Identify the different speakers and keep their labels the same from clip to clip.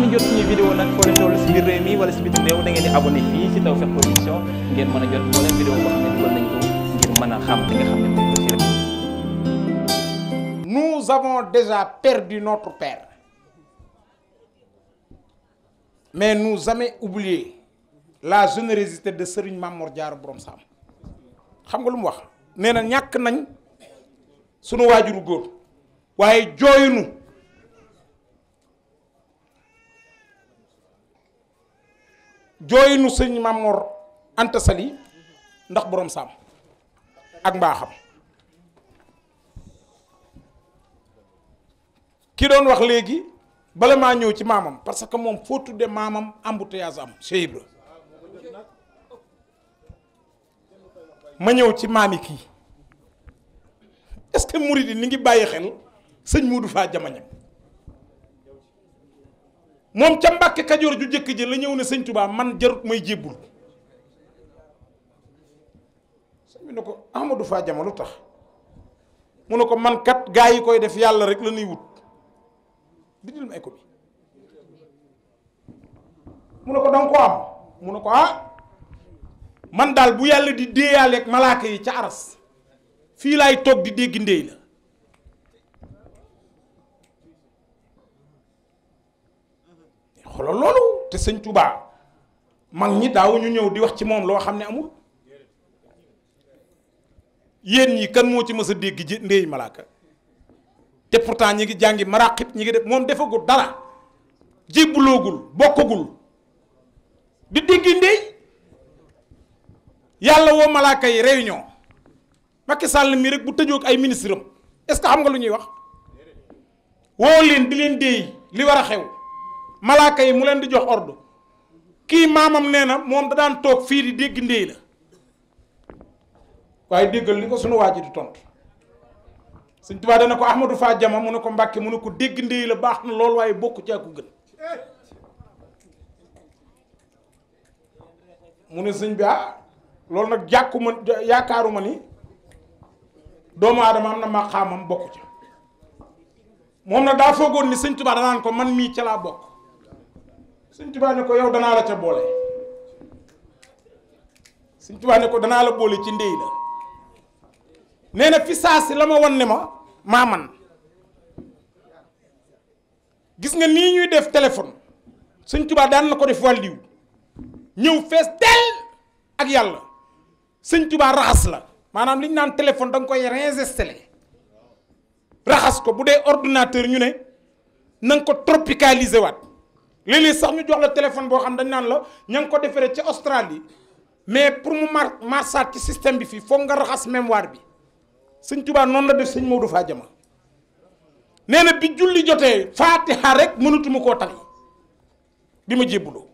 Speaker 1: ngeen jot suñu vidéo nag foo leen toll si biir réew mi wala si biti réew a jot moo mën a xam li nga xam ne moom la rek. Nous avons la générosité de Serigne Mamour jaaro boroom Sam xam nga lu mu wax nee na ñàkk nañ sunu waajuru góor waaye jooyunu jooy nu sëñ Mamor Anta ndax borom saam ak mbaaxam ki doon wax léegi bala maa ñëw ci maamam parce que moom foo tudde maamam embouteillage am Cheikh ma ñëw ci maami kii est-ce que murid yi ni ngi bàyyi xel sëñ Moodu faa jamañam moom ca Mbàkke Kajoor ju jëkk ji la ñëw ne sëñ Tuubaa man jarut may jébbul sëñ bi ne ko Ahmadou Fa Jama lu tax mu ne ko man kat gaa yi koy def yàlla rek la ñuy wut bindil ma écho bi mu ne ko danga ko am mu ne ko ah man daal bu yàlla di déeyaaleeg malaaka yi ca aras fii laay toog di dégg ndéy la la loolu te sëñ tubaa mag ñi ñu ñëw di wax ci moom loo xam ne amul yéen ñi kan moo ci mës a dégg ji ndéy malaaka te pourtant ñi ngi jàngi maraqib ñi ngi def moom defagul dara jibbaloogul bokkagul di déggi ndéy yàlla woo malaaka yi réunion Macky sàll mi rek bu tëjoog ay ministre am est-ce que xam nga lu ñuy wax woo leen di leen déey li war a xew malaaka yi mu leen di jox ordre kii maamam nee na moom da daan toog fii di dégg ndéy la waaye déggal ni ko sunu waa ji di tontu Sëñ Tuubaa dana ko Ahmadou faa Jama mu ne ko Mbàkke mu ne ko dégg baax na lool waaye bokk ci ko gën mu ne bi ah loolu nag jàkku ma yaakaaruma ni doomu aadama am na maqaamam bokk ca moom nag daa foogoon ni sëñ Tuubaa danaan ko man mii ca laa bokk suñ tubaa ko yow danaa la ca boole suñ tubaa ko danaa la boole ci ndey la nee na fi saa si la ma won ne ma maaman gis nga nii ñuy def téléphone suñ daan na ko def wàlliw ñëw fees tel ak yàlla suñ tubaa raxas la maanaam li ñu naan téléphone da nga koy réinstallé raxas ko bu dee ordinateur ñu ne na ko tropicaliser waat léeg-léeg sax ñu jox la téléphone boo xam dañ naan la ña ngi ko defaree ci Australie mais pour mu mar marsaat ci système bi fii foog nga raxas mémoire bi sëñ Tuubaa noonu la def sëñ Maodo Fadiama nee na bi julli jotee faatiha rek mënatuma koo tari bi ma jébbuloo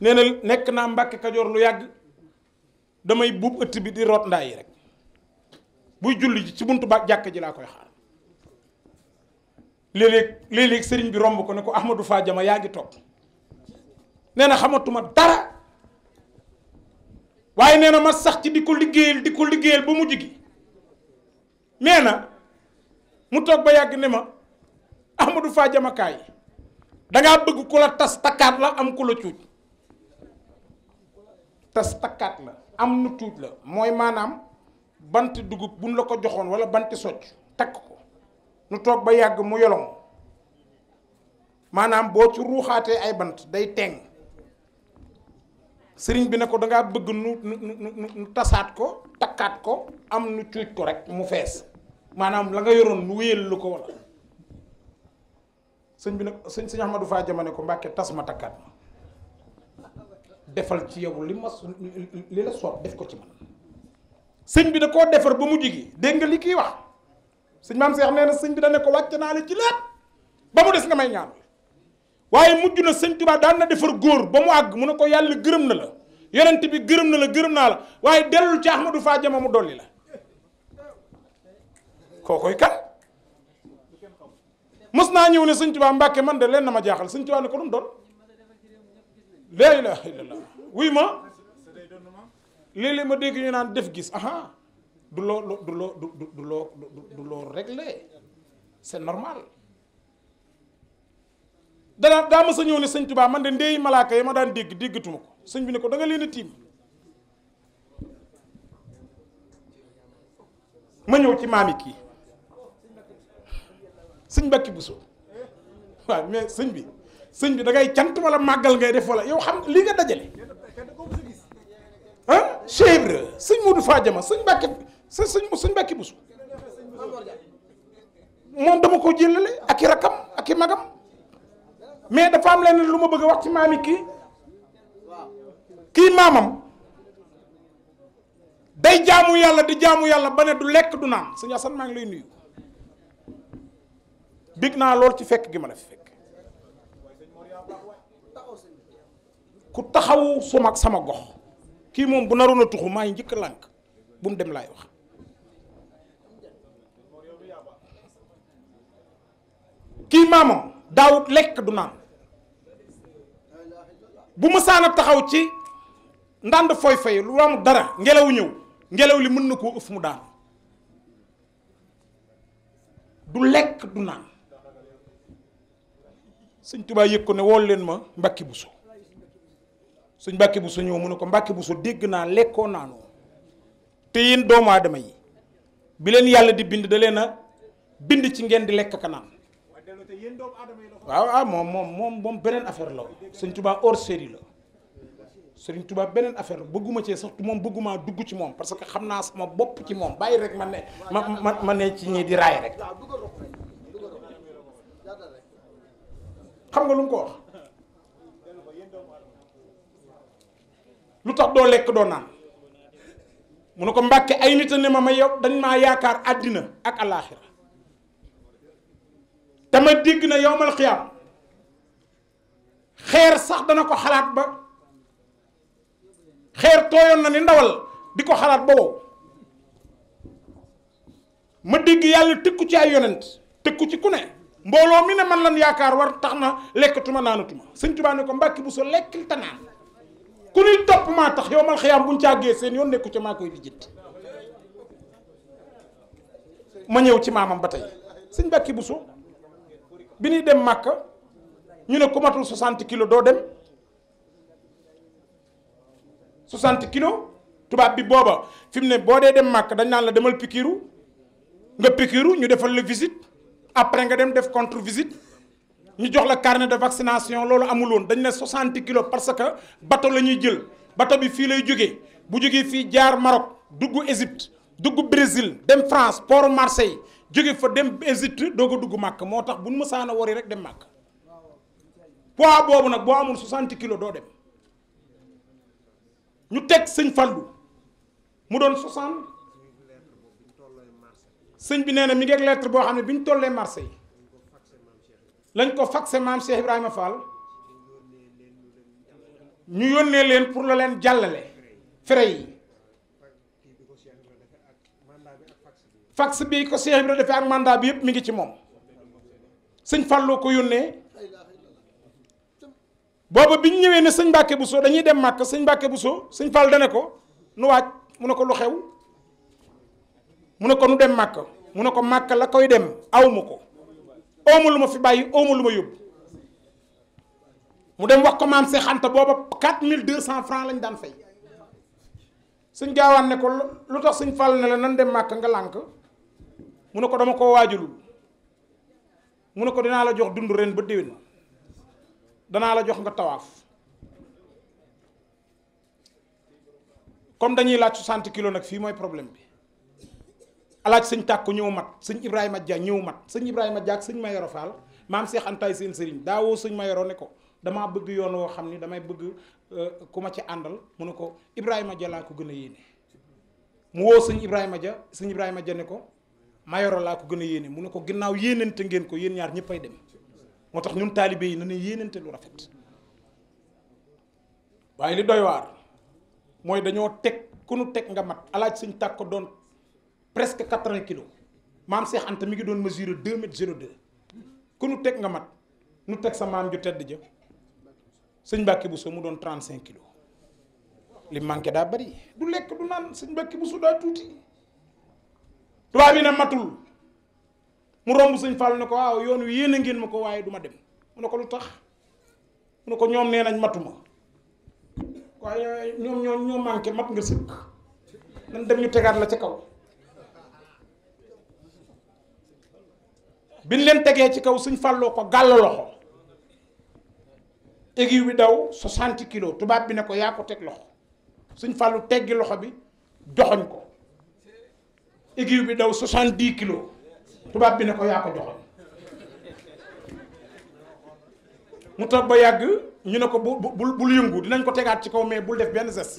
Speaker 1: nee na nekk naa Mbàkke Kajoor lu yàgg damay buub ëtt bi di root ndaa yi rek buy julli ji ci bunt ba jàkk ji laa koy xaar léeg-léeg léeg sëriñ bi romb ko ne ko Ahmadou Fadiama yaa ngi toog nee na xamatuma dara waaye nee na ma sax ci di ko liggéeyal di ko liggéeyal ba mu jig nee na mu toog ba yàgg ne ma Ahmadou Fadiama kaay dangaa bëgg ku la tas takkaat la am ku la cuuj tas takkaat la am nu cuuj la mooy maanaam bant dugub buñ la ko joxoon wala banti socc takk ko nu toog ba yàgg mu yolom maanaam boo ci ruuxaatee ay bant day teŋ sëriñ bi ne ko dangaa bëgg nu nu nu tasaat ko takkaat ko am nu cuuj ko rek mu fees maanaam la nga yoroon nu wéyal lu ko wala sëñ bi nag sëñ sëñ Ahmadou Fa jamane ko Mbàkke tas ma takkaat ma defal ci yow li ma li la soot def ko ci man sëñ bi da koo defar ba mu jigi dégg nga li kiy wax sëñ maam Seex nee na sëñ bi da ne ko wàcc naa la ci lépp ba mu des nga may ñaan waaye mujj na sëñ Tuubaa daan na defar góor ba mu àgg mu ne ko yàlla gërëm na la yonent bi gërëm na la gërëm naa la waaye dellul ci Ahmadu Fadiama mu dolli la kookoy kan mos naa ñëw ne sëñ Tuubaa Mbàkke man de leen na ma jaaxal sëñ Tuubaa ne ko dum doon la ilaha illallah wuy ma léeg-léeg ma dégg ñu naan def gis aha du loo du loo du loo du loo réglé c'est normal danaa daa ma sa ñëw ne sëñ Tuubaa man de ndeeyi malaaka yi ma daan dégg déggatuma ko sëñ bi ne ko da leen tiim ma ñëw ci maami kii sëñ Mbàkke Buso waaw mais sëñ bi sëñ bi da ngay cant wala màggal ngay def wala yow xam li nga dajale ah chèvre sëñ Modou Fadiama sëñ Mbàkke sa suñ suñ mbàkki busu moom dama ko jëlale ak i rakam ak i magam mais dafa am leneen lu ma bëgg wax ci maami kii kii maamam day jaamu yàlla di jaamu yàlla ba ne du lekk du naan sëñ Assane maa ngi lay nuyu big naa lool ci fekk gi ma la fekk ku taxawu suma ak sama gox kii moom bu naroon a tuxu maa ngi njëkk lànk bu mu dem laay wax kii maamam daawut lekk du naan bu ma saana taxaw ci ndànd foy foy lu am dara ngelaw ñëw ngelaw li mën na koo ëf mu daan du lekk du naan sëñ Tuubaa yëg ko ne wool leen ma Mbàkke Buso suñ Mbàkke Buso ñëw mu ne ko Mbàkke Buso dégg naa lekkoo naanoo te yéen doomu aadama yi bi leen yàlla di bind da leen a bind ci ngeen di lekk ka naan waaw ah moom moom moom moom beneen affaire la sëñ Touba hors série la sëñ tubaab beneen affaire la bëgguma cee sax moom bëggumaa dugg ci moom parce que xam naa sama bopp ci moom bàyyi rek ma ne ma ma ma ne ci ñii di raay rek xam nga lu mu ko wax lu tax doo lekk doo naan mu ne ko mbàkke ay nit a ne ma ma yow dañ maa yaakaar àddina ak alaaxira dama dégg na yowmal xiyaam xeer sax dana ko xalaat ba xeer tooyoon na ni ndawal di ko xalaat ba wow ma dégg yàlla tëkku ci ay yonent tëkku ci ku ne mbooloo mi ne man lan yaakaar war tax na lekkatuma naanatuma sëñ Tuubaa ne ko mbàkki bu so lekkil te naan ku ni topp maa tax yowmal xiyaam buñ càggee seen yoon nekku ci maa koy lijjanti ma ñëw ci maamam ba tey sëñ mbàkki bu so bi ñuy dem màkka ñu ne ku matul 60 kilos doo dem 60 kilo tubaab bi booba fi mu ne boo dee dem màkk dañ naan la demal pikiru nga pikiru ñu defal la visite après nga dem def contre visite ñu jox la carnet de vaccination loolu amul woon dañ la 60 kilos parce que bato la ñuy jël bateau bi fii lay jóge bu jógee fii jaar Maroc dugg Égypte dugg Brésil dem France port Marseille jóge fa dem Égypte doog a dugg màkk moo tax bu nu ma saana wari rek dem màkk poids boobu nag boo amul 60 kilos doo dem ñu teg sëñ Fallu mu doon 60 sëñ bi nee na mi ngi ak boo xam ne bi ñu tollee marché yi lañ ko faxe maam Cheikh Ibrahima Fall ñu yónnee leen pour la leen jàllale fere yi fax bi ko Cheikh Ibra defee ak mandat bi yëpp mu ngi ci moom sëñ Fallou ko yónnee booba bi ñu ñëwee ne sëñ Mbacke Bousso dañuy dem màkk sëñ bu Bousso sëñ Fall dane ko nu waaj mu ne ko lu xew mu ne ko nu dem màkk mu ne ko màkk la koy dem awma ko ooma lu ma fi bàyyi ooma lu ma yóbbu mu dem wax ko maam Cheikh Anta booba cent francs lañ daan fay. suñ gaawaan ne ko lu tax suñ fàll ne la nan dem màkk nga lànk mu ne ko dama koo waajalul mu ne ko danaa la jox dund ren ba déwén danaa la jox nga tawaaf comme dañuy laaj sant kilo nag fii mooy problème bi alaaj suñ tàkku ñëw mat suñ Ibrahima Dia ñëw mat sëñ Ibrahima Dia ak sëñ Mayoro Fall maam Seex Antaay seen daawoo sëñ Mayoro ne ko damaa bëgg yoon woo xam ni damay bëgg Euh, ku ma ci àndal mu ne ko Ibrahima Dia laa ko gën a yéene mu woo sëñ Ibrahima Dia sëñ Ibrahima Dia ne ko Mayoro laa ko gën a yéene mu ne ko ginnaaw yéenante ngeen ko yéen ñaar ñëppay dem moo tax ñun taalibe yi na ne yéenante lu rafet waaye li doy waar mooy dañoo teg ku nu teg nga mat alaaj sëñ tàkk ko doon presque quatre-vingts kilos maam Seex Anta mi ngi doon mesure deux mètres zéro deux ku nu teg nga mat nu teg sa maam ju tedd ja sëñ Mbàkke Bousso mu doon 35 kilos li manqué daa bari du lekk du naan sëñ Mbàkke Bousso daa tuuti tubaab yi ne matul mu romb sëñ Fall ne ko waaw yoon wi yéene ngeen ma ko waaye duma ma dem mu ne ko lu tax mu ne ko ñoom nee nañ matuma waaye ñoom ñoo ñoo manqué mat nga sikk nan dem ñu tegaat la ci kaw biñ leen tegee ci kaw suñ Falloo ko gàll loxo aiguille bi daw 60 kilos tubaab bi ne ko yaa ko teg loxo suñ fàllu teggi loxo bi joxoñ ko aiguille bi daw 70 kilos tubaab bi ne ko yaa ko joxoñ mu toog ba yàgg ñu ne ko bu bul yëngu dinañ ko tegaat ci kaw mais bul def benn ses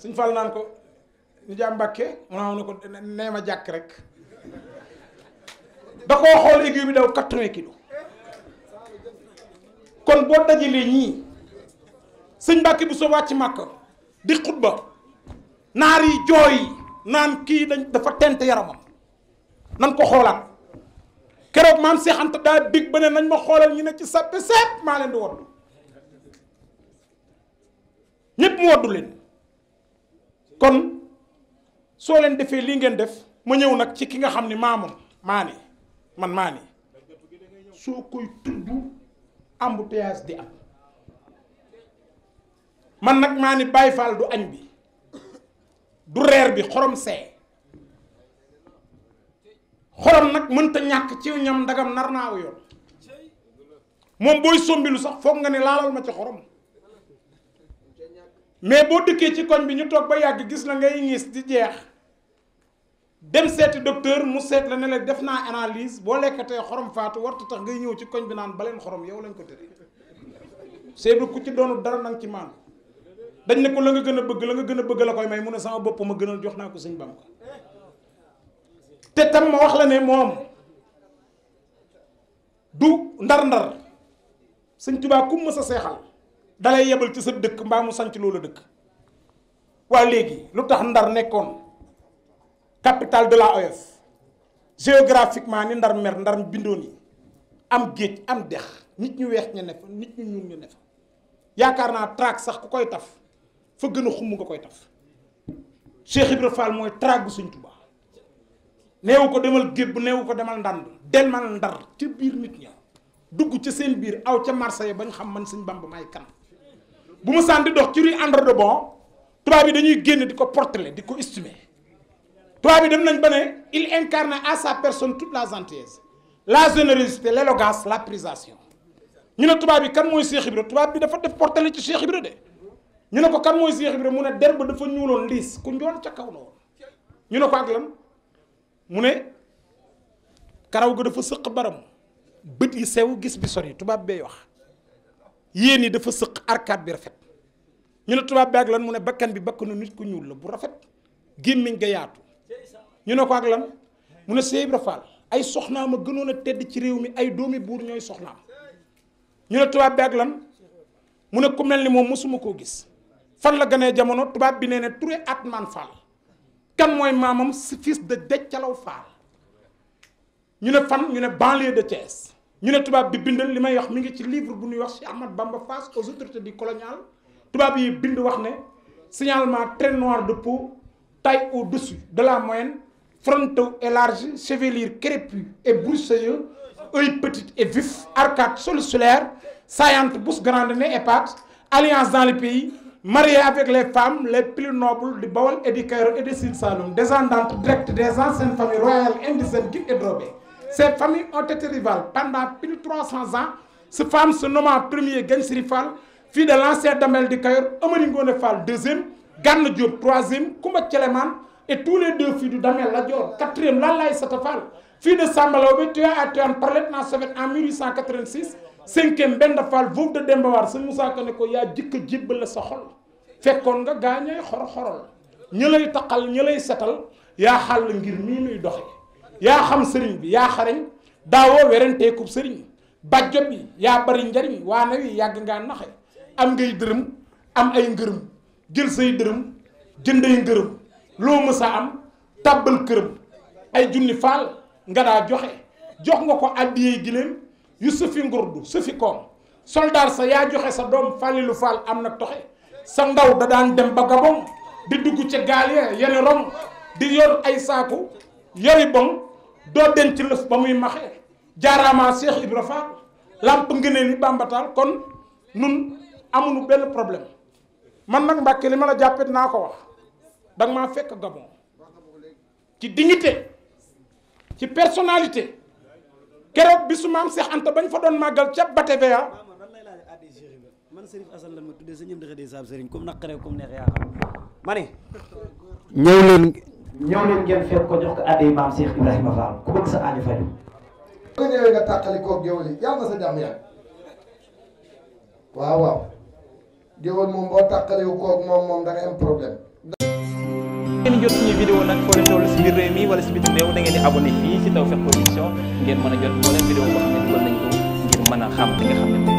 Speaker 1: suñ fal naan ko ñu jaam mbàkke mu ne ko nee ma jàkk rek da koo xool aiguille bi daw 80 kilo kon boo dajalee ñii sëñ Mbàkke bu soo wàcc màkk di xutba naar yi jooy naan kii dañ dafa tent yaramam nan ko xoolaat keroog maam Seex Anta daa dig ba ne nañ ma xoolal ñu ne ci sàppe seet maa leen di woddu ñépp mu woddu leen kon soo leen defee lii ngeen def ma ñëw nag ci ki nga xam ni maamoon maa ni man maa ni soo koy tudd embouteillage di am man nag maa ni Baye Fall du añ bi du reer bi xorom see xorom nag mënta ñàkk ci ñam ndagam nar naa yoon moom booy sombilu sax foog nga ne laalal ma ci xorom mais boo dëkkee ci koñ bi ñu toog ba yàgg gis la ngay ngiis di jeex dem seeti docteur mu seet la ne la def naa analyse boo lekkatee xorom faatu wartu tax ngay ñëw ci koñ bi naan baleen xorom yow lañ ko tere seedu ku ci doonu dara nang ci maan dañ ne ko la nga gën a bëgg la nga gën a bëgg la koy may mu a sama bopp ma gënal jox naa ko sëñ Bamba te tam ma wax la ne moom du ndar-ndar sëñ Tuubaa ku ma sa seexal dalay yebal ci sa dëkk mbaa mu loolu loola dëkk waa léegi lu tax ndar nekkoon capital de la AOF géographiquement ni ndar mer ndar bindoo nii am géej am dex nit ñu weex ñu ne fa nit ñu ñuul ñu fa yaakaar naa traque sax ku koy taf fa gën a xumm nga koy taf Cheikh Ibra Fall mooy traque bu Sëñ Tuubaa neewu ko demal gébb neewu ko demal ndànd demal ndar ca biir nit ña dugg ca seen biir aw ca marché ya ba ñu xam man Sëñ Bamba maay kan bu ma sànni dox ci rue de bon tubaab yi dañuy génn di ko portele di ko estimer toi bi dem nañ ba ne il incarne à sa personne toute la gentillesse la générosité la présentation ñu ne tubaab bi kan mooy bi Ibra tubaab bi dafa def portale ci bi Ibra de ñu ne ko kan mooy bi rek mu ne der ba dafa ñuuloon liis ku njool ca kaw na woon ñu ne ko ak lan mu ne karaw gi dafa sëq baram bët yi sew gis bi yi tubaab bay wax yéen yi dafa sëq arcade bi rafet ñu ne tubaab bi ak lan mu ne bakkan bi bakkanu nit ku ñuul la bu rafet gémmiñ ga yaatu ñu ne ko ak mu ne Cheikh Ibra ay soxnaa ma gënoon a tedd ci réew mi ay doomi buur ñooy soxnaam ñu ne tubaab bi ak lan mu ne ku mel ni moom mosuma koo gis fan la gënee jamono tubaab bi nee ne Touré Atman Fall kan mooy maamam fils de Déthialaw Fall ñu ne fan ñu ne banlieue de Thiès ñu ne tubaab bi bindal li may wax mu ngi ci livre bu ñuy wax Cheikh Ahmad Bamba face aux autorités di colonial tubaab yi bind wax ne signalement très noir de peau taille au-dessus de la moyenne frontaux élargis, chevelure crépue et broussailleux, œil petit et vif, arcade solsolaire, saillante, bouche grande, nez épate, alliance dans le pays, mariée avec les femmes les plus nobles du Baol et du Cairo et de Sine Saloum, descendante directe des anciennes familles royales indigènes Guit et Drobé. Ces familles ont été rivales pendant plus de 300 ans. Ces femmes se nommant premier Gensiri Fall, fille de l'ancien Damel du Cairo, Omari Ngone Fall deuxième, Gann Diop et tous les deux fii du Damel Lat Joor quatrième lan laay satafal fii de Sambalaw bi tué à Tivaouane par lieutenant Chauvet en 1886 cinquième benn Fall veuve de Demba War sëñ Moussa Ka ne ko yaa jëkk a jébbale sa xol fekkoon nga gaañay xor xorol la lay taqal ñi lay setal yaa xàll ngir nii nuy doxe yaa xam sëriñ bi yaa xarañ daawoo werenteekub sëriñ bàjjo bi yaa bari njariñ waane wi yàgg ngaa naxe am ngay dërëm am ay ngërëm jël say dërëm jënd ay loo mës am tàbbal këram ay junni faal nga daa joxe jox nga ko àddiyee giléem yu sëfi ngurdu sëfi koom soldaar sa yaa joxe sa doom fàllilu faal am na toxe sa ndaw da daan dem ba gabon di dugg ca gaal ya yene rong di yor ay saaku yori bon doo denc lëf ba muy maxe jaaraamaa Cheikh Ibra Fall làmp ngënee ni bàmbataal kon nun amuñu benn problème man nag Mbàkke li ma la jàppit naa ko wax danga nga maa fekk Gabon ci dignité ci personnalité keroog bi su maam Cheikh Anta bañ fa doon màggal ca Batavia. man Serif Assane la ma tuddee sa ñëm dafa dee saab Serigne comme naqaree comme neex yaa xam ma ne. ñëw leen. ñëw leen ngeen fekk ko jox ko adde maam Cheikh Ibrahima Fall ku bëgg sa aaju faju. nga waaw waaw géwél moom boo tàqaliwu koog moom moom da ngay problème. ngeen mi wala si biti da ngeen di abonné fii si Tawfekh Production ngeen xam ne xam